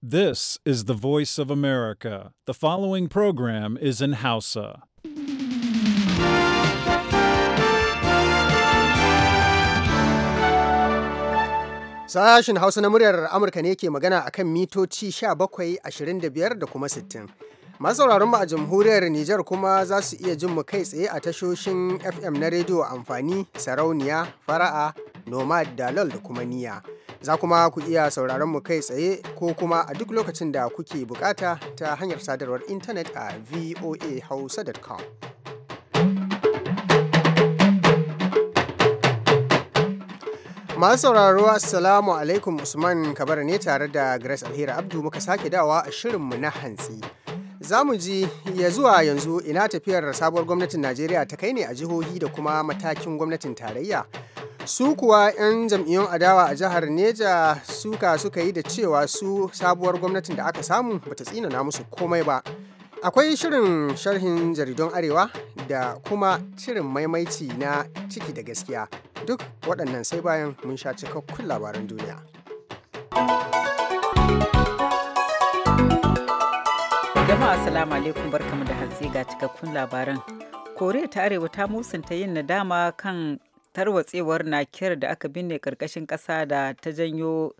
This is the voice of America. The following program is in Hausa. Sashen Hausa na muryar Amurka ne ke magana akan mitoci 17, 25 da kuma 60. masauraran mu a jamhuriyar Nijar kuma za su iya jin mu kai tsaye a tashoshin FM na rediyo amfani, sarauniya, fara'a, nomad, dalal da kuma niya. Za kuma ku iya sauraron mu kai tsaye ko kuma a duk lokacin da kuke bukata ta hanyar sadarwar intanet a voahausa.com. Masu sauraro Assalamu alaikum Usman Kabar ne tare da Grace Alheri Abdu muka sake dawa a shirinmu na hantsi. Za mu ji ya zuwa yanzu ina tafiyar sabuwar gwamnatin Najeriya ta kai ne a jihohi da kuma matakin gwamnatin tarayya. Su kuwa 'yan jam'iyyun adawa a jihar Neja suka suka yi da cewa su sabuwar gwamnatin da aka samu bata na musu komai ba. Akwai shirin sharhin jaridun Arewa da kuma shirin maimaici na ciki da gaskiya. Duk waɗannan sai bayan mun sha cikakkun labaran duniya. Assalamu alaikum barkamu da hatsi ga cikakkun labaran. Koriya ta Arewa ta musanta yin nadama kan tarwatsewar nakiyar da aka binne karkashin ƙasa da ta janyo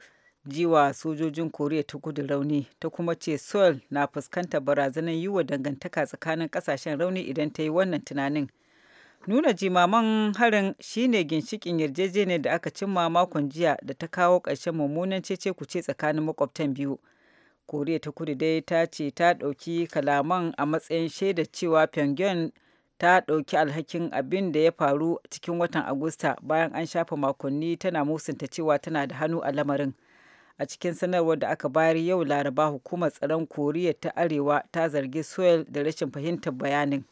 jiwa sojojin Koriya ta kudu rauni ta kuma ce Seoul na fuskantar barazanar yi wa dangantaka tsakanin kasashen rauni idan ta yi wannan tunanin. Nuna jimaman harin shine ginshikin yarjejeniyar da aka cimma makon jiya da ta kawo ƙarshen mummunan cece kuce tsakanin makwabtan biyu. koriya ta kudu dai ta ce ta ɗauki kalaman a matsayin shaida cewa pyongyang ta ɗauki alhakin abin da ya faru cikin watan agusta bayan an shafa makonni tana musunta cewa tana da hannu a lamarin a cikin sanarwar da aka bayar yau laraba hukumar tsaron koriya ta arewa ta zargi soil da rashin fahimtar bayanin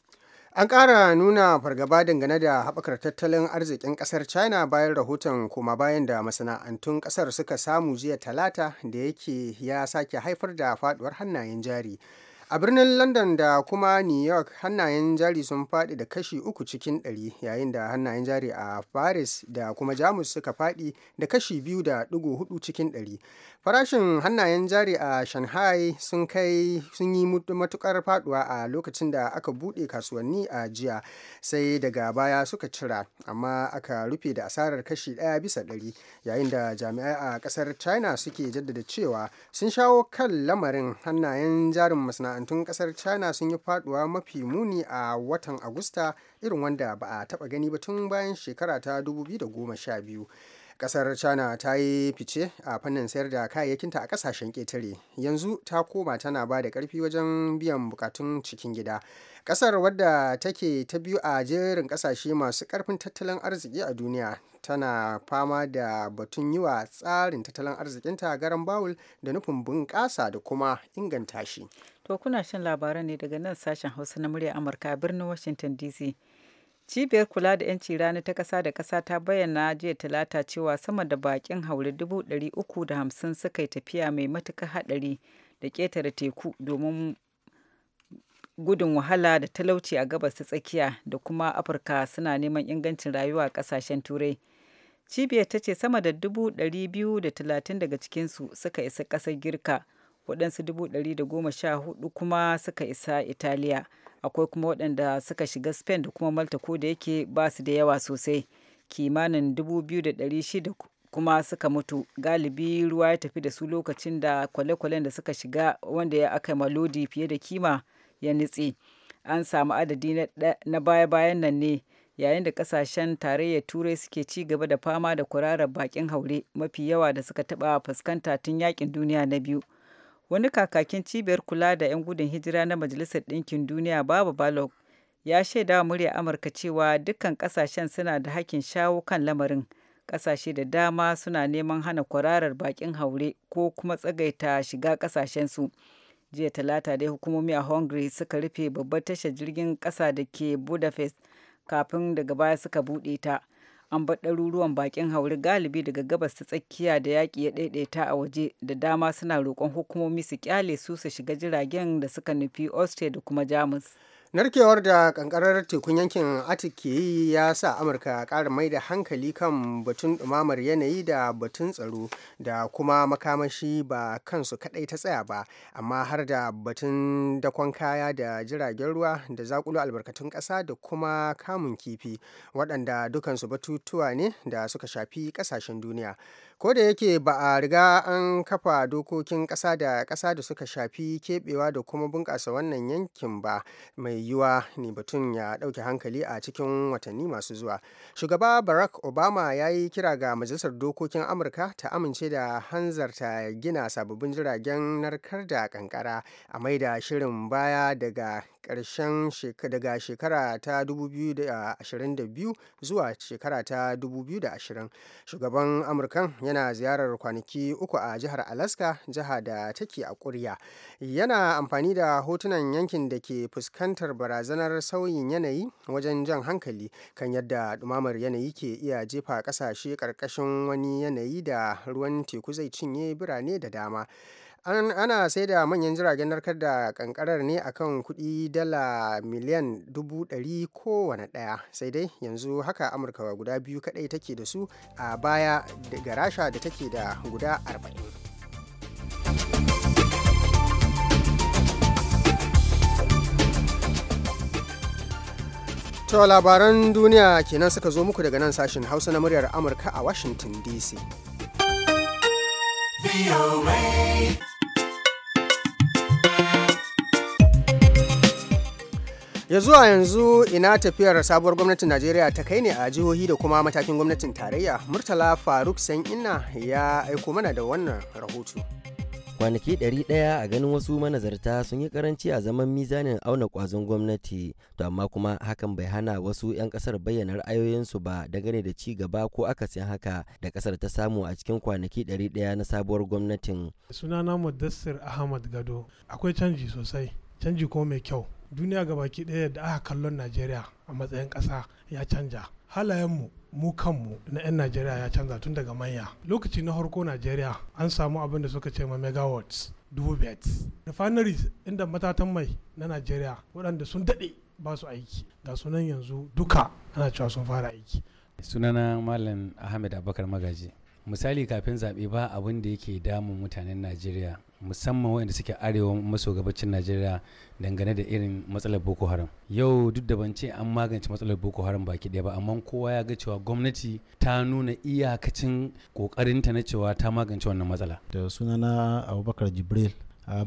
An ƙara nuna fargaba dangane da haɓakar tattalin arzikin ƙasar China bayan rahoton koma bayan da masana'antun ƙasar suka samu jiya talata da yake ya sake haifar da faɗuwar hannayen jari. A birnin London da kuma New York hannayen jari sun faɗi da kashi uku cikin ɗari yayin da hannayen jari a Paris da kuma Jamus suka faɗi da kashi biyu da ɗigo hudu cikin ɗari. Farashin hannayen jari a Shanghai sun kai sun yi matukar faduwa a lokacin da aka bude kasuwanni a jiya sai daga baya suka cira amma aka rufe da asarar kashi daya bisa ɗari yayin da jami'ai a kasar China suke jaddada cewa sun shawo kan lamarin hannayen jarin masana'antun kasar China sun yi faduwa mafi muni a watan Agusta irin wanda ba a taba gani ba tun bayan shekara ta 2012. kasar china ta yi fice a fannin sayar da kayayyakinta a kasashen ƙetare yanzu ta koma tana ba da karfi wajen biyan bukatun cikin gida kasar wadda take ta biyu a jerin kasashe masu karfin tattalin arziki a duniya tana fama da batun yi wa tsarin tattalin arzikinta garan bawul da nufin bunƙasa da kuma inganta shi to kuna shan labaran ne daga nan sashen hausa na murya amurka birnin washington dc Cibiyar kula da 'yanci rani ta ƙasa da ƙasa ta bayyana jiya talata cewa sama da bakin haure hamsin suka yi tafiya mai matuƙar haɗari da ƙetare teku domin gudun wahala da talauci a gabas ta tsakiya da kuma afirka suna neman ingancin rayuwa a ƙasashen turai cibiyar ta ce sama da dubu biyu da talatin daga cikinsu suka isa ƙasar girka waɗansu dubu da goma sha hudu kuma suka isa italiya akwai kuma waɗanda suka shiga spain da kuma malta ko da yake ba su da yawa sosai kimanin 2,600 kuma suka mutu galibi ruwa ya tafi da su lokacin da kwale-kwalen da suka shiga wanda ya aka malodi fiye da kima ya nitse an samu adadi na baya-bayan nan ne yayin da kasashen tarayyar turai suke ci gaba da fama da kwararar bakin haure mafi yawa da suka taba fuskanta tun yakin duniya na biyu wani kakakin cibiyar kula da 'yan gudun hijira na majalisar ɗinkin duniya babu balog ya shaida wa murya amurka cewa dukkan kasashen suna da hakkin shawo kan lamarin Ƙasashe da dama suna neman hana kwararar bakin haure ko kuma tsagaita shiga kasashensu jiya talata dai hukumomi a hungary suka rufe babbar tashar jirgin ƙasa da ke budapest kafin daga baya suka buɗe ta an bar ɗaruruwan bakin hauri galibi daga gabas ta tsakiya da yaƙi ya ɗaiɗaita a waje da dama suna roƙon hukumomi su kyale su su shiga jiragen da suka nufi austria da kuma jamus narkewar da kankarar tekun yankin Atik ke yi ya sa amurka ƙara mai da hankali kan batun ɗumamar yanayi da batun tsaro da kuma makamashi ba kansu kaɗai ta tsaya ba amma har da batun dakon kaya da jiragen ruwa da zakulu albarkatun ƙasa da kuma kamun kifi waɗanda dukansu batutuwa ne da suka shafi ƙasashen duniya ko da yake ba a riga an kafa dokokin ƙasa da ƙasa da suka shafi keɓewa da kuma bunƙasa wannan yankin ba mai yiwuwa ne batun ya ɗauke hankali a cikin watanni masu zuwa shugaba barack obama ya yi kira ga majalisar dokokin amurka ta amince da hanzarta gina sababbin jiragen narkar da kankara a maida shirin baya daga ƙarshen daga shekara ta 2022 zuwa shekara ta 2020 shugaban amurkan yana ziyarar kwanaki uku a jihar alaska jiha da take a ƙurya yana amfani da hotunan yankin da ke fuskantar barazanar sauyin yanayi wajen jan hankali kan yadda ɗumamar yanayi ke iya jefa ƙasashe ƙarƙashin wani yanayi da ruwan teku zai cinye birane da dama ana sai da manyan jiragen narkar da kankarar ne akan kuɗi dala miliyan dubu ɗari kowane ɗaya sai dai yanzu haka amurka guda biyu kaɗai take da su a baya ga rasha da take da guda arba'in To labaran duniya kenan suka zo muku daga nan sashen hausa na muryar amurka a washington dc ya zuwa yanzu ina tafiyar sabuwar gwamnatin najeriya ta kai ne a jihohi da kuma matakin gwamnatin tarayya murtala faruk san ina ya aiko mana da wannan rahoto kwanaki 100 a ganin wasu manazarta sun yi karanci a zaman mizanin auna kwazon gwamnati to amma kuma hakan bai hana wasu 'yan kasar bayyana ra'ayoyinsu ba dangane da ci gaba ko akasin haka da kasar ta samu a cikin kwanaki 100 na sabuwar gwamnatin sunana mudassir ahmad gado akwai canji sosai canji ko mai kyau duniya ga baki ɗaya da aka kallon najeriya a matsayin ƙasa ya canja halayenmu mu kanmu na 'yan najeriya ya canza tun daga manya lokaci na harko najeriya an samu abin da suka ce ma megawatts dubu da refineries inda matatan mai na najeriya waɗanda sun daɗe ba su aiki ga sunan yanzu duka ana cewa sun fara aiki sunana malam ahmed abubakar magaji misali kafin zaɓe ba abin da yake damun mutanen najeriya musamman waɗanda suke arewa maso gabacin najeriya dangane da irin matsalar boko haram yau duk da ban ce an magance matsalar boko haram baki ɗaya ba amma kowa ya ga cewa gwamnati ta nuna iyakacin ƙoƙarinta na cewa ta magance wannan matsala da sunana abubakar jibril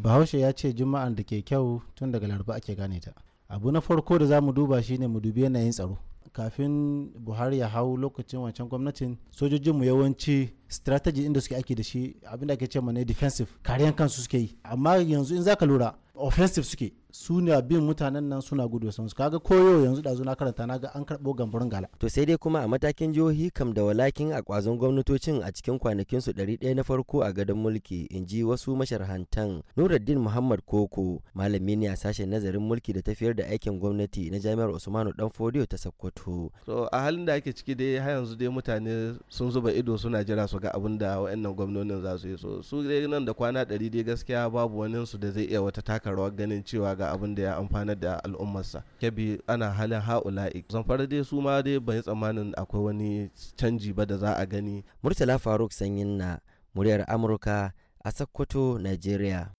bahaushe ya ce juma'an da ke kyau tun daga laraba ake gane ta abu na farko da za mu duba shine mu dubi yanayin tsaro kafin buhari ya hau lokacin wancan gwamnatin sojojinmu yawanci strategy inda suke ake da shi abinda ake ce ne defensive kariyan kansu suke yi amma yanzu in zaka lura offensive suke su ne bin mutanen nan suna gudu da su kaga koyo yanzu da na karanta na an karbo gamburin gala to sai dai kuma a matakin jihohi kam da walakin a kwazon gwamnatocin a cikin kwanakin su 100 na farko a gadon mulki in ji wasu masharhantan Nuruddin Muhammad Koko malami ne a sashen nazarin mulki da tafiyar da aikin gwamnati na Jami'ar Usmanu Danfodiyo ta sakkwato to a halin da ake ciki dai har yanzu dai mutane sun zuba ido suna jira su ga abin da wa'annan gwamnonin za su yi so su dai nan da kwana ɗari dai gaskiya babu wani su da zai iya wata taka rawar ganin cewa ga abin da ya amfanar da al'ummarsa kebi ana halin ha'ula'i zamfara dai su ma dai ban yi tsammanin akwai wani canji ba da za a gani murtala faruk sanyin na muryar amurka a sokoto nigeria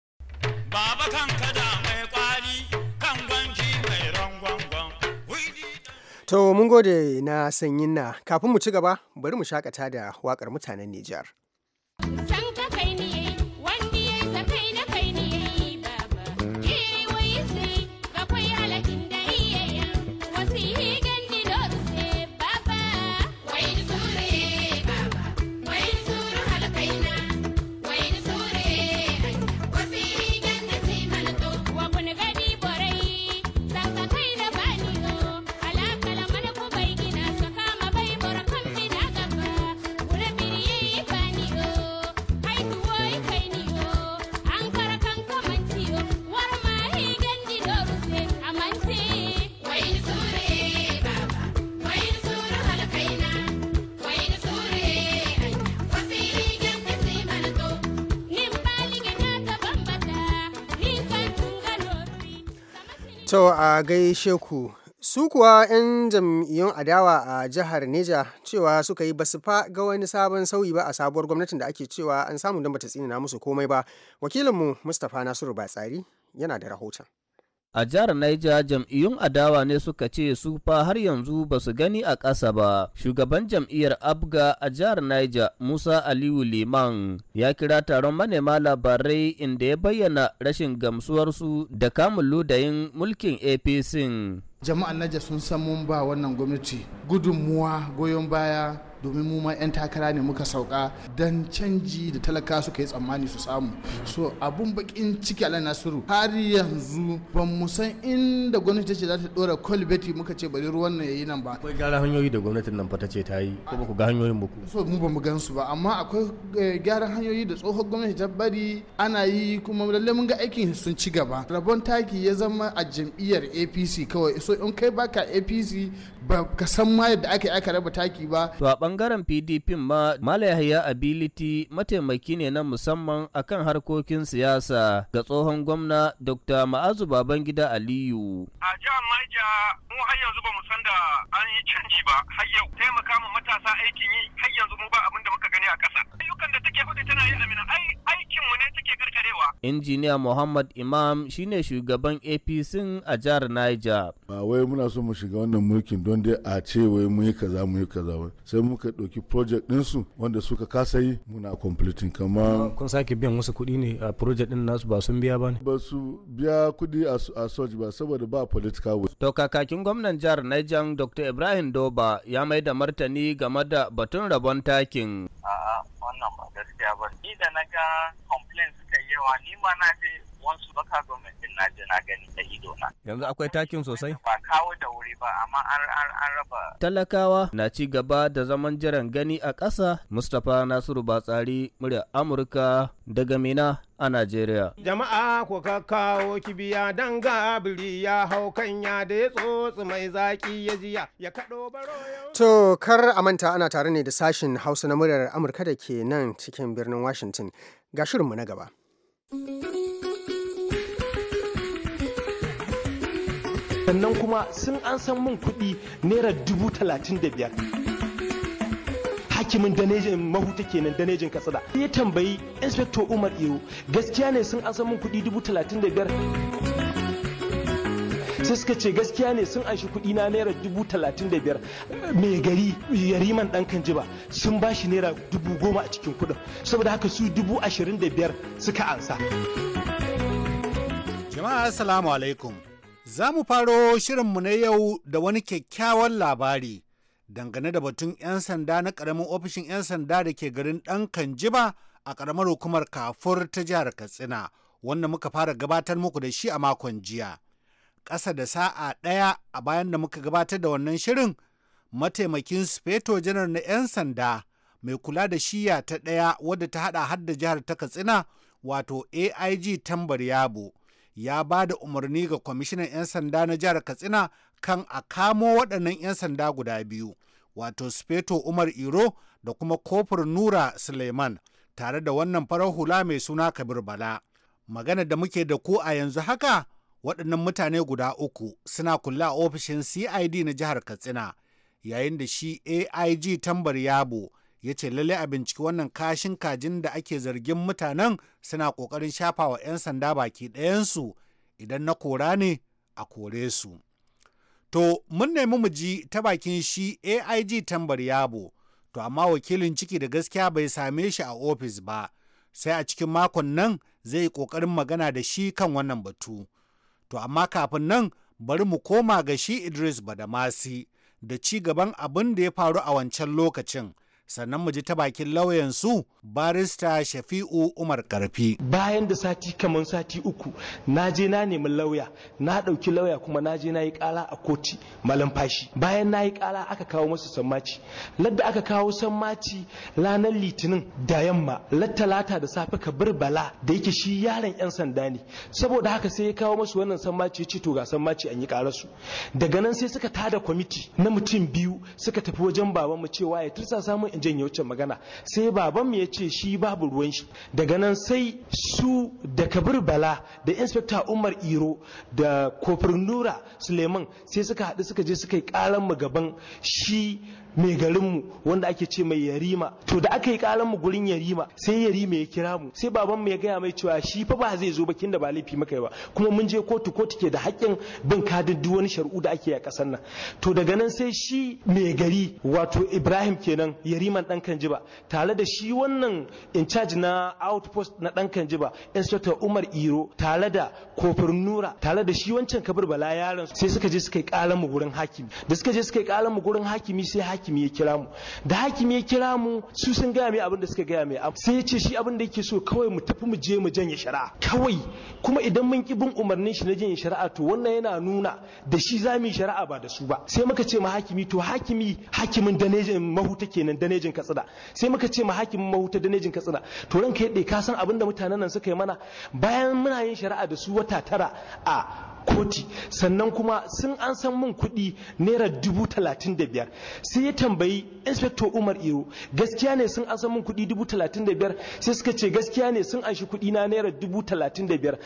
To mun gode na sanyin na kafin mu ci gaba bari mu shakata da waƙar mutanen Nijar. To a gaishe ku su kuwa 'yan jam'iyyun adawa a jihar Neja cewa suka yi basu fa ga wani sabon sauyi ba a sabuwar gwamnatin da ake cewa an samu don bata tsinana musu komai ba wakilinmu Mustapha Nasiru Batsari yana da rahoton. A jihar Niger jam'iyyun adawa ne suka ce su fa har yanzu ba su gani a ƙasa ba. Shugaban jam'iyyar Abga a jihar Niger Musa Aliyu Liman ya kira taron manema labarai inda ya bayyana rashin gamsuwarsu da kamun ludayin mulkin APC. jama'an naja sun san mun ba wannan gwamnati gudunmuwa goyon baya domin mu ma 'yan takara ne muka sauka don canji da talaka suka yi tsammani su samu so abun bakin ciki ala nasiru har yanzu ban mu san inda gwamnati ce za ta dora kwalibeti muka ce bari ruwan nan yayi nan ba akwai gyara hanyoyi da gwamnatin nan fata ce ta yi ko ba ku ga hanyoyin ba so mu ba mu gan su ba amma akwai eh, gyara hanyoyi da tsohon gwamnati ta bari ana yi kuma lalle mun ga aikin sun ci gaba rabon taki ya zama a jam'iyyar APC kawai so in kai baka apc ba ka san ma yadda aka yi aka raba taki ba. To a bangaren PDP ma Mala Ability mataimaki ne na musamman akan harkokin siyasa ga tsohon gwamna Dr. Ma'azu Babangida Aliyu. A jihar Maija mu har yanzu ba mu san da an yi canji ba har yau taimaka mu matasa aikin yi har yanzu mu ba abin da muka gani a ƙasa. Ayyukan da take faɗi tana yi amina ai aikin mu ne take karkarewa. Injiniya Muhammad Imam shine shugaban APC a jihar Niger. Ba wai muna so mu shiga wannan mulkin don maimakon dai a ce wai mu yi kaza mu yi kaza wai sai muka ɗauki project ɗinsu wanda suka kasa yi muna completing kama. kun sake biyan wasu kuɗi ne a project ɗin nasu ba sun biya ba ne ba su biya kuɗi a soji ba saboda ba political will to kakakin gwamnan jihar Niger Dr. Ibrahim Doba ya mai da martani game da batun rabon takin a'a wannan ba gaskiya ba ni da naga complaints kai yawa ni ma na ce wansu baka government din na gani da ido na yanzu akwai takin sosai ba kawo da wuri ba amma an raba talakawa na ci gaba da zaman jiran gani a ƙasa Mustapha Nasiru Batsari murya Amurka daga Mina a Najeriya. Jama'a ko ka kawo kibiya dan gabiri ya hau kanya da ya tsotsi mai zaki ya jiya ya kaɗo baro To kar a manta ana tare ne da sashin Hausa na muryar Amurka da ke nan cikin birnin Washington. Ga shirinmu na gaba. sannan kuma sun an san mun kuɗi naira dubu talatin da biyar hakimin danejin mahuta kenan danejin katsina ya tambayi inspector umar iro gaskiya ne sun an san mun kuɗi dubu talatin da biyar sai suka ce gaskiya ne sun anshi kuɗi na naira dubu talatin da biyar mai gari yariman ɗan kan jiba sun ba shi naira dubu goma a cikin kuɗin saboda haka su dubu ashirin da biyar suka ansa jama'a assalamu alaikum Za mu faro shirinmu na yau da wani kyakkyawan labari dangane da batun 'yan sanda na ƙaramin ofishin 'yan sanda da ke garin ɗan Kanjiba a ƙaramar hukumar Kafur ta jihar Katsina, wanda muka fara gabatar muku da shi a makon jiya. Ƙasa da sa'a ɗaya a bayan da muka gabatar da wannan shirin, mataimakin Sufeto Janar na 'yan sanda mai kula da shiya ta ɗaya wadda ta haɗa har da jihar ta Katsina, wato AIG Tambar Yabo. ya ba da umarni ga kwamishinan 'yan sanda na jihar katsina kan a kamo waɗannan 'yan sanda guda biyu wato speto umar iro da kuma kofar nura suleiman tare da wannan farar hula mai suna kabir bala magana da muke da ku a yanzu haka waɗannan mutane guda uku suna kula a ofishin cid na jihar katsina yayin da shi aig tambar yabo ya ce lalle a binciki wannan kashin kajin da ake zargin mutanen suna ƙoƙarin shafa wa 'yan sanda baki ɗayansu idan na kora ne a kore su. To, mun nemi mu ji ta bakin shi AIG tambar yabo, to amma wakilin ciki da gaskiya bai same shi a ofis ba, sai a cikin makon nan zai yi ƙoƙarin magana da shi kan wannan batu. To, amma kafin nan bari mu koma ga shi Idris Badamasi da ci gaban abin da ya faru a wancan lokacin. sannan mu ji ta bakin lauyansu barista shafi'u umar karfi bayan da sati kamar sati uku na je na nemi lauya na ɗauki lauya kuma na je na yi ƙala a koti malam fashi bayan na yi ƙala aka kawo masa sammaci ladda aka kawo sammaci ranar litinin da yamma lattalata da safe kabir bala da yake shi yaron yan sanda ne saboda haka sai ya kawo masu wannan sammaci ya ce to ga sammaci an yi ƙararsu daga nan sai suka tada kwamiti na mutum biyu suka tafi wajen mu cewa ya tursa samun jan janye wacce magana sai baban mu ya ce shi babu ruwan shi daga nan sai su da kabir bala da inspekta umar iro da kofar nura suleiman sai suka haɗu suka je suka yi ƙaran mu gaban shi mai garinmu wanda ake ce mai yarima to da aka yi karan mu gurin yarima sai yarima ya kira mu sai babanmu ya gaya mai cewa shi fa ba zai zo ba da ba laifi maka ba kuma mun je kotu kotu ke da haƙƙin bin kadin duk wani shari'u da ake a ƙasar nan to daga nan sai shi mai gari wato Ibrahim kenan yariman dan Kanjiba tare da shi wannan in charge na outpost na dan Kanjiba inspector Umar Iro tare da Kofar Nura tare da shi wancan Kabir Bala yaron sai suka je suka yi karan mu gurin hakimi da suka je suka yi karan mu gurin hakimi sai hakimi ya kira mu da hakimi ya kira mu su sun gaya mai abin da suka gaya mai sai ya ce shi abin da yake so kawai mu tafi mu je mu janye shari'a kawai kuma idan mun ki bin umarnin shi na janye shari'a to wannan yana nuna da shi za mu yi shari'a ba da su ba sai muka ce ma hakimi to hakimi hakimin danejin mahuta kenan danejin katsina sai muka ce ma hakimin mahuta danejin katsina to ranka yadda ka san abin da mutanen nan suka yi mana bayan muna yin shari'a da su wata tara a koti sannan kuma sun an san mun kuɗi naira dubu talatin da biyar sai ya tambayi inspector umar iro gaskiya ne sun an san mun kuɗi dubu talatin da biyar sai suka ce gaskiya ne sun an shi kuɗi na naira dubu talatin da biyar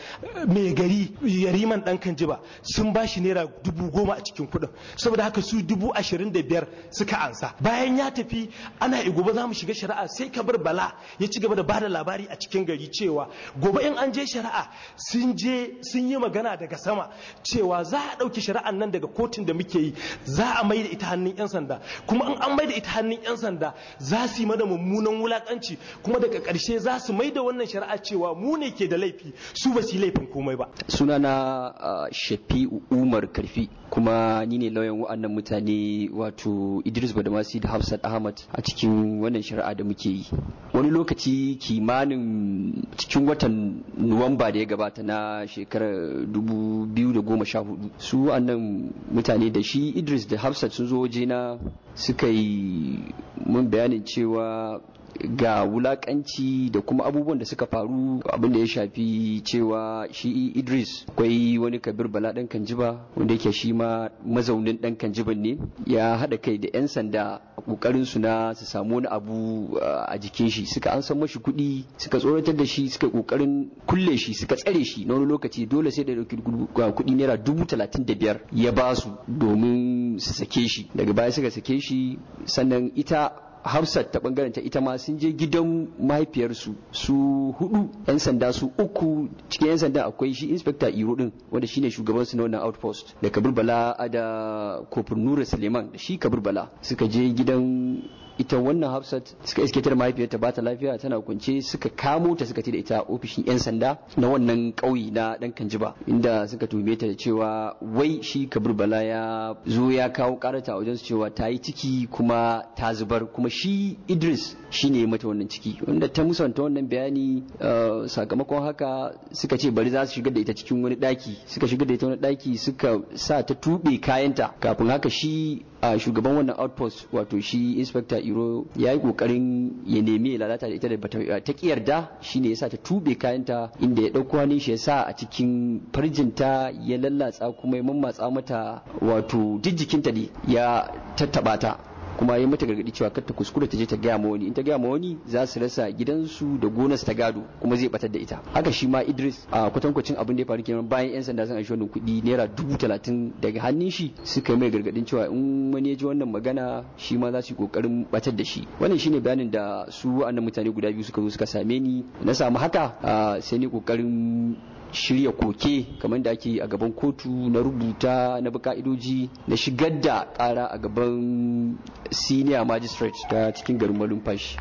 mai gari yariman ɗan kan jiba sun ba shi naira dubu goma a cikin kuɗin saboda haka su dubu ashirin da biyar suka ansa bayan ya tafi ana gobe za mu shiga shari'a sai ka bar bala ya ci gaba da bada labari a cikin gari cewa gobe in an je shari'a sun je sun yi magana daga sama cewa za a ɗauki shari'an nan daga kotun da muke yi za a mai da ita hannun 'yan sanda kuma in an mai da ita hannun 'yan sanda za su yi mana mummunan wulakanci kuma daga ƙarshe za su mai da wannan shari'a cewa mu ne ke da laifi su ba su yi laifin komai ba Suna na shafi umar karfi kuma ni ne lauyan wa'annan mutane wato idris badamasi da hafsat ahmad a cikin wannan shari'a da muke yi wani lokaci kimanin cikin watan nuwamba da ya gabata na shekarar dubu biyu da goma sha hudu su wa'annan mutane da shi idris da hafsat sun zo waje suka yi mun bayanin cewa ga wulakanci da kuma abubuwan da suka faru abin da ya shafi cewa shi idris akwai wani kabir bala dan kanjiba wanda yake shi ma mazaunin dan kanjiban ne ya haɗa kai da 'yan sanda kokarin su na su samu wani abu uh, a jikin shi suka an san mashi kuɗi suka tsoratar da shi suka kokarin kulle shi suka tsare shi na wani lokaci dole sai da dauki kuɗi naira dubu talatin da biyar ya ba su domin su sake shi daga baya suka sake shi sannan ita hafsat ta bangaren ta ita ma sun je gidan mahaifiyarsu su hudu yan sanda su uku cikin yan sanda akwai shi inspector iro din wanda shine shugaban su na wannan outpost da kabir bala da kofin nura suleiman da shi kabir bala suka je gidan ita wannan hafsat suka iske ta da mahaifiyarta ba ta lafiya tana kunce suka kamo ta suka ce da ita ofishin yan sanda na wannan ƙauye na dan kanjiba inda suka tume ta da cewa wai shi kabir bala ya zo ya kawo karata a wajen cewa ta yi ciki kuma ta zubar kuma shi idris shi ne mata wannan ciki wanda ta musanta wannan bayani uh, sakamakon haka suka ce bari za su shigar da ita cikin wani ɗaki suka shigar da ita wani ɗaki suka sa ta tuɓe kayanta kafin haka shi a shugaban wannan outpost wato shi inspector iro ya yi kokarin ya nemi ya lalata da ita da bata ta kiyarda shine yasa ta tube kayanta inda ya dauko hannun shi ya sa a cikin farjinta ya lallatsa kuma ya mammatsa mata wato jijjikinta ne ya tattaba ta kuma ya mata gargadi cewa kar ta kuskure ta je ta gaya ma wani in ta gaya ma wani za su rasa gidansu da gonarsu ta gado kuma zai batar da ita haka shi ma Idris a kwatankwacin abin da ya faru kenan bayan yan sanda sun aishi wannan kuɗi naira dubu talatin daga hannun shi suka yi mai gargadin cewa in wani ya ji wannan magana shi ma za su yi kokarin batar da shi wannan shine bayanin da su wa'annan mutane guda biyu suka zo suka same ni na samu haka sai ni kokarin shirya koke kamar da ake a gaban kotu na rubuta na ka'idoji na shigar da kara a gaban senior magistrate ta cikin garin malumfashi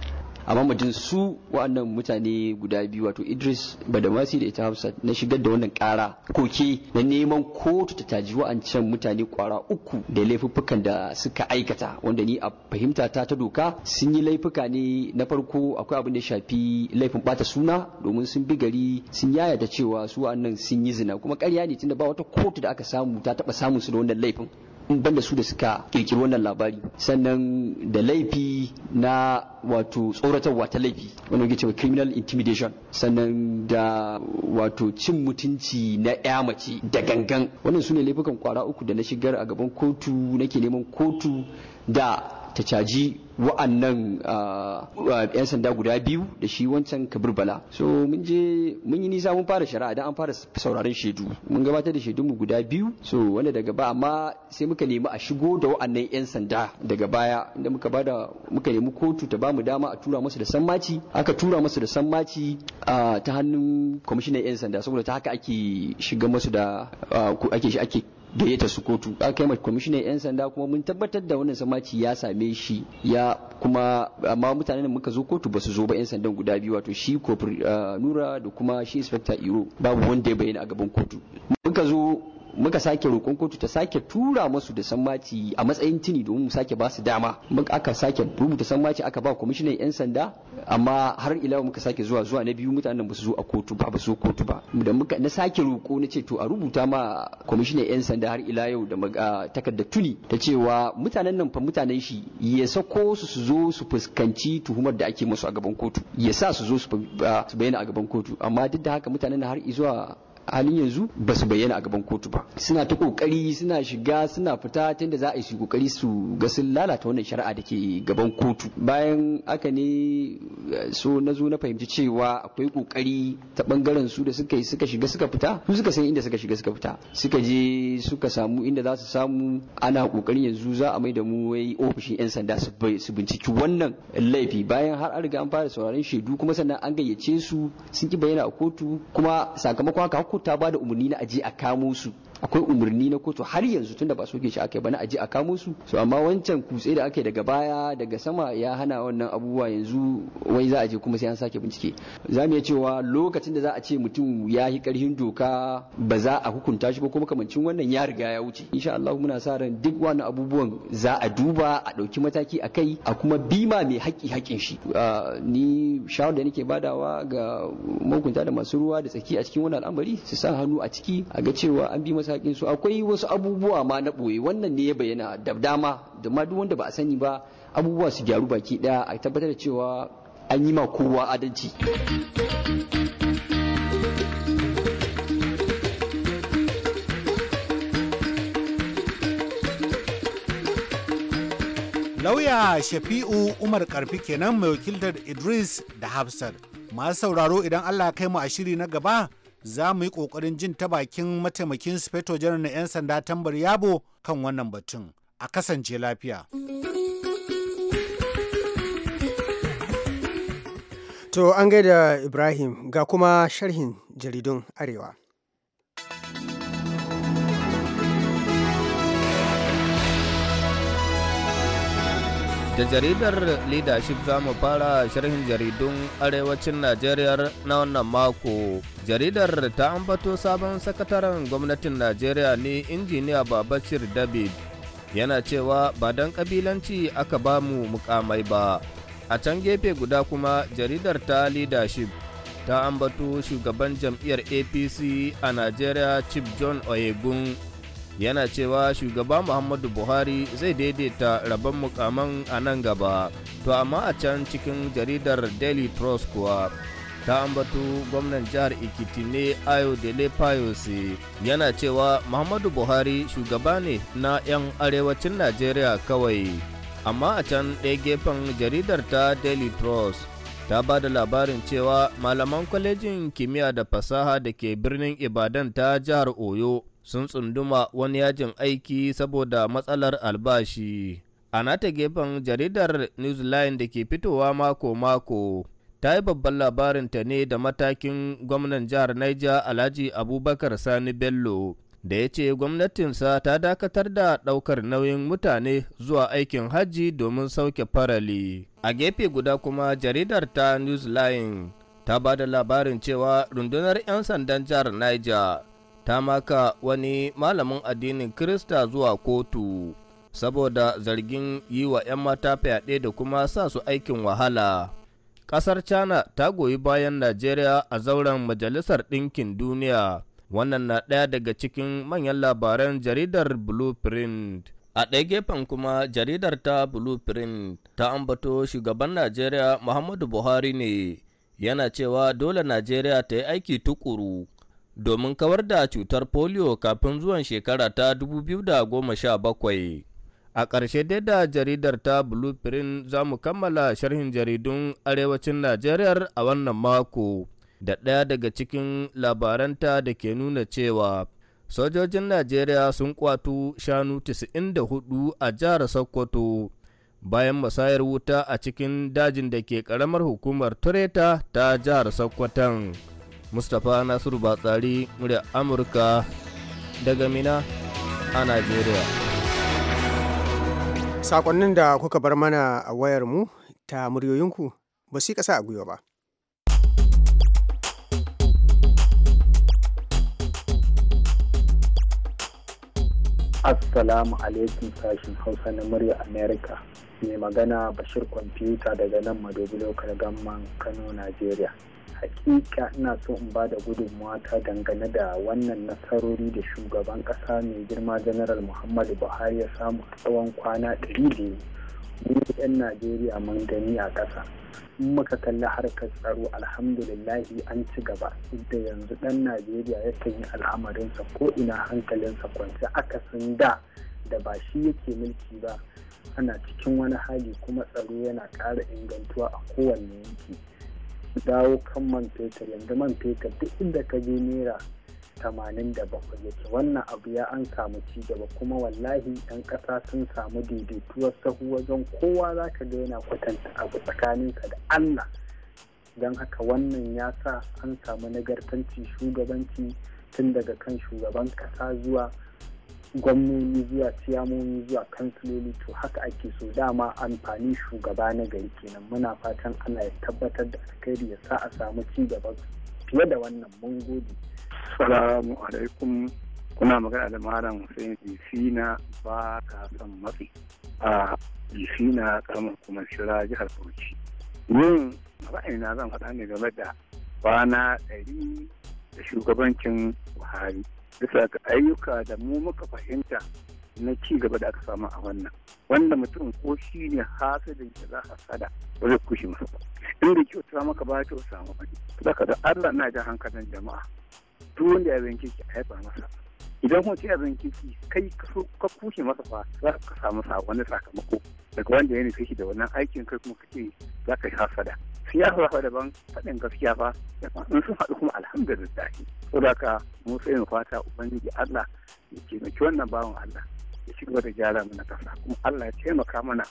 amma mutum su wa'annan mutane guda biyu wato Idris Badamasi da ita hafsa na shigar da wannan ƙara koke na neman kotu ta taji wa'ancan mutane kwara uku da laifuffukan da suka aikata wanda ni a fahimta ta ta doka sun yi laifuka ne na farko akwai abin da shafi laifin bata suna domin sun bi gari sun yaya da cewa su wa'annan sun yi zina kuma ƙarya ne tunda ba wata kotu da aka samu ta taba samun su da wannan laifin banda su da suka kirkiri wannan labari sannan da laifi na wato tsoratarwa ta laifi wanda yake cewa criminal intimidation sannan da wato cin mutunci na ya mace da gangan wannan su ne laifukan kwara uku da na shigar a gaban kotu nake neman kotu da ta caji wa'annan ah, yan sanda guda biyu da shi wancan kabirbala so mun je mun yi nisa mun fara shari'a da an fara sauraron shaidu mun gabatar da shaidun mu guda biyu so wanda daga ba amma sai muka nemi a shigo da wa'annan yan sanda daga baya inda muka bada muka nemi kotu ta bamu dama a tura musu da sammaci aka tura musu da sammaci ah, ta hannun kwamishinan yan sanda saboda ta haka ake shiga musu da ah, ake da ya tasu kotu a kai mai kwamishinan yan sanda kuma mun tabbatar da wannan samaci ya same shi ya kuma amma mutanen da muka zo kotu ba su zo ba yan sandan guda biyu wato shi kofar uh, nura da kuma shi inspector iro babu wanda ya bayyana a gaban kotu muka zo muka sake roƙon kotu ta sake tura masu da sammaci a matsayin tuni domin mu sake ba su dama muka aka sake rubuta sammaci aka ba kwamishinan yan sanda amma har ila muka sake zuwa zuwa na biyu mutanen ba su zo a kotu ba ba su kotu ba da muka na sake roƙo na ce to a rubuta ma kwamishinan yan sanda har ila yau da takardar tuni ta cewa mutanen nan fa mutanen shi ya sako su su zo su fuskanci tuhumar da ake musu a gaban kotu ya sa su zo su bayyana a gaban kotu amma duk da haka mutanen har zuwa halin yanzu ba su bayyana a gaban kotu ba suna ta kokari suna shiga suna fita tunda za a yi su kokari su ga sun lalata wannan shari'a da ke gaban kotu bayan aka ne so na zo na fahimci cewa akwai kokari ta bangaren su da suka yi suka shiga suka fita su suka san inda suka shiga suka fita suka je suka samu inda za su samu ana kokarin yanzu za a mai da mu wai ofishin yan sanda su binciki wannan laifi bayan har an riga an fara sauraron shaidu kuma sannan an gayyace su sun ki bayyana a kotu kuma sakamakon haka court ta da umarni na aje a kamo su akwai umarni na kotu har yanzu tunda ba soke shi aka bana aji a kamo su so amma wancan kutse da ake daga baya daga sama ya hana wannan abubuwa yanzu wai za a je kuma sai an sake bincike za mu iya cewa lokacin da za a ce mutum ya yi karhin doka ba za a hukunta shi ba kuma kamancin wannan ya riga ya wuce insha Allah muna sa ran duk wani abubuwan za a duba a ɗauki mataki a kai a kuma bima mai haƙi haƙƙin shi ni shawar da nake badawa ga mahukunta da masu ruwa da tsaki a cikin wannan al'amari su sa hannu a ciki a ga cewa an bi masakin su akwai wasu abubuwa ma na ɓoye wannan ne ya bayyana da dama da ma duk wanda ba a sani ba abubuwa su gyaru baki ɗaya a tabbatar da cewa an yi ma kowa adalci lauya shafi'u umar karfi kenan mai wakiltar idris da hafsat masu sauraro idan allah kai mu a shiri na gaba za mu yi kokarin jin ta bakin mataimakin sufeto janar na 'yan sanda tambar yabo kan wannan batun a kasance lafiya. To an gaida Ibrahim ga kuma sharhin jaridun Arewa. Da jaridar leadership za mu fara sharhin jaridun arewacin Najeriya na wannan mako. Jaridar ta ambato sabon sakataren gwamnatin Najeriya ne injiniya Babashir David. Yana cewa ba don kabilanci aka ba mu mukamai ba. A can gefe guda kuma jaridar ta leadership ta ambato shugaban jam'iyyar APC a Najeriya Chief John Oyegun. yana cewa shugaba muhammadu buhari zai daidaita rabon mukaman a nan gaba to amma a can cikin jaridar daily trust kuwa ta ambatu gwamnan jihar ikiti ne ayo dele payose yana cewa muhammadu buhari shugaba ne na 'yan arewacin najeriya kawai amma a can ɗaya gefen jaridar ta daily trust ta ba da labarin cewa malaman kwalejin kimiyya da fasaha da ke birnin ibadan ta jihar oyo sun tsunduma wani yajin aiki saboda matsalar albashi. A nata gefen jaridar Newsline da ke fitowa mako-mako ta yi babban labarinta ne da matakin gwamnan jihar Niger Alhaji Abubakar Sani Bello da ya ce gwamnatinsa ta dakatar da ɗaukar nauyin mutane zuwa aikin hajji domin sauke farali. A gefe guda kuma jaridar ta Newsline ta ba da labarin cewa rundunar 'yan sandan jihar Niger ta maka wani malamin addinin Kirista zuwa kotu saboda zargin yi wa 'yan mata fyaɗe da kuma sa su aikin wahala. Ƙasar China ta goyi bayan Najeriya a zauren Majalisar Ɗinkin Duniya. Wannan na ɗaya daga cikin manyan labaran jaridar Blueprint. A ɗaya gefen kuma jaridar ta Blueprint ta ambato shugaban Najeriya Muhammadu Buhari ne yana cewa dole Najeriya ta yi aiki tukuru domin kawar da cutar polio kafin zuwan shekara ta 2017. A ƙarshe dai da jaridar ta Blueprint za mu kammala sharhin jaridun Arewacin Najeriya a wannan mako da ɗaya daga cikin labaranta da ke nuna cewa sojojin Najeriya sun kwato shanu 94 a jihar Sokoto bayan musayar wuta a cikin dajin da ke ƙaramar hukumar Tureta ta jihar Sokoton. mustapha nasiru batsari murya amurka daga mina a najeriya sakonnin da kuka bar mana a wayar mu ta muryoyinku ba su yi kasa a gwiwa ba Assalamu alaikum sashin Hausa na murya Amerika. Mai magana Bashir Kwamfuta daga nan Madobi Lokar Gamman Kano, Najeriya. hakika ina so in ba da gudunmuwa ta dangane da wannan nasarori da shugaban kasa mai girma janaral muhammadu buhari ya samu a tsawon kwana ɗari da mu 'yan najeriya mun gani a ƙasa in muka kalli harkar tsaro alhamdulillahi an ci gaba da yanzu dan najeriya yakan yi al'amarinsa ko ina hankalinsa kwanci akasin da da ba shi yake mulki ba ana cikin wani hali kuma tsaro yana ƙara ingantuwa a kowanne yanki su dawo kan man fetur yanzu man fetur duk inda ka je naira tamanin da bakwai yake wannan abu ya an samu ci gaba kuma wallahi yan ƙasa sun samu daidaituwar sahu wajen kowa za ka ga yana kwatanta abu tsakanin ka da allah don haka wannan ya sa an samu nagartanci shugabanci tun daga kan shugaban ƙasa zuwa gwamnoni zuwa ciyamomi zuwa kansiloli to haka ake so dama amfani shugaba na gari kenan muna fatan ana ya tabbatar da alkhairi ya sa a samu ci gaba fiye da wannan mun gode. Salamu alaikum kuna magana da malam Hussein Bisina ba ka san matsi a Bisina karamar kuma shira jihar Bauchi. Yin na zan faɗa ne game da kwana ɗari da shugabancin Buhari. bisa ga ayyuka da mu muka fahimta na ci gaba da aka samu a wannan wanda mutum ko shi ne hasidin da za a sada ba zai kushe masa ba inda kyauta maka ba ta samu ba za ka da Allah na da hankalin jama'a duk wanda ya binci ki haifa masa idan kuma a zan kifi kai ka kushe masa fa za ka samu wani sakamako daga wanda ya nufi shi da wannan aikin kai kuma kake za ka sha sada siyasa fa daban faɗin gaskiya fa in sun haɗu kuma alhamdulillah saboda ka mu sai mu fata ubangiji Allah ya taimaki wannan bawan Allah ya ci gaba da gyara mana kasa kuma Allah ya taimaka mana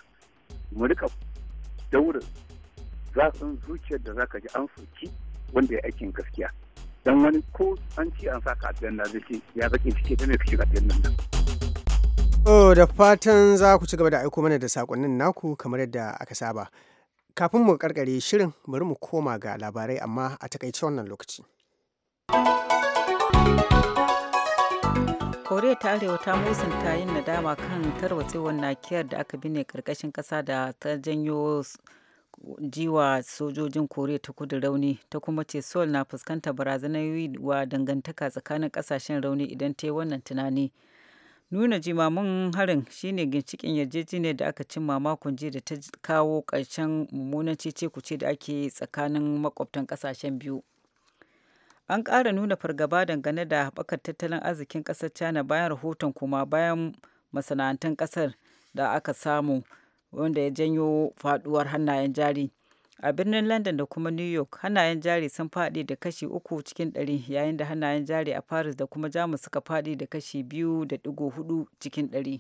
mu rika daura za zuciyar da za ka ji an soki wanda ya aikin gaskiya dan wani ko an ci an saka a tiyan da zai ya baki cike ta mai kashi shiga tiyan nan Oh, da fatan za ku ci gaba da aiko mana da sakonnin naku kamar yadda aka saba. Kafin mu karkare shirin bari mu koma ga labarai amma a takaice wannan lokaci. koriya ta arewa ta musanta yin nadama kan tarwatsewar nakiyar da aka binne karkashin kasa da ta janyo jiwa sojojin koriya ta kudu rauni ta kuma ce seoul na fuskantar barazanar wa dangantaka tsakanin kasashen rauni idan ta yi wannan tunani nuna jimamin harin shine ginshikin yarjejeniyar da aka cimma makon jiya da ta kawo ƙarshen mummunan cece kuce da ake tsakanin makwabtan kasashen biyu an ƙara nuna fargaba dangane da haɓakar tattalin arzikin ƙasar china bayan rahoton kuma bayan masana'antun ƙasar da aka samu wanda ya janyo faduwar hannayen jari a birnin london da kuma new york hannayen jari sun fadi da kashi uku cikin ɗari yayin da hannayen jari a paris da kuma jamus suka fadi da kashi biyu da digo hudu cikin ɗari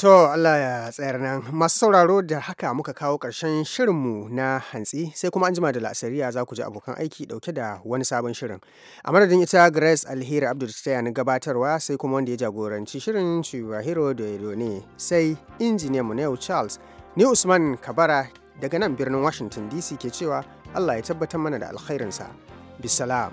To Allah ya tsayar nan masu sauraro da haka muka kawo ƙarshen shirinmu na hantsi sai kuma an jima da la'asariya za ku ji abokan aiki ɗauke da wani sabon shirin. A madadin ita Grace Alheri Abdul ta na gabatarwa sai kuma wanda ya jagoranci shirin Chibahiro da ne sai injiniyan mu yau Charles ni Usman Kabara daga nan birnin Washington DC ke cewa Allah ya tabbatar mana da alkhairinsa. Bisalam.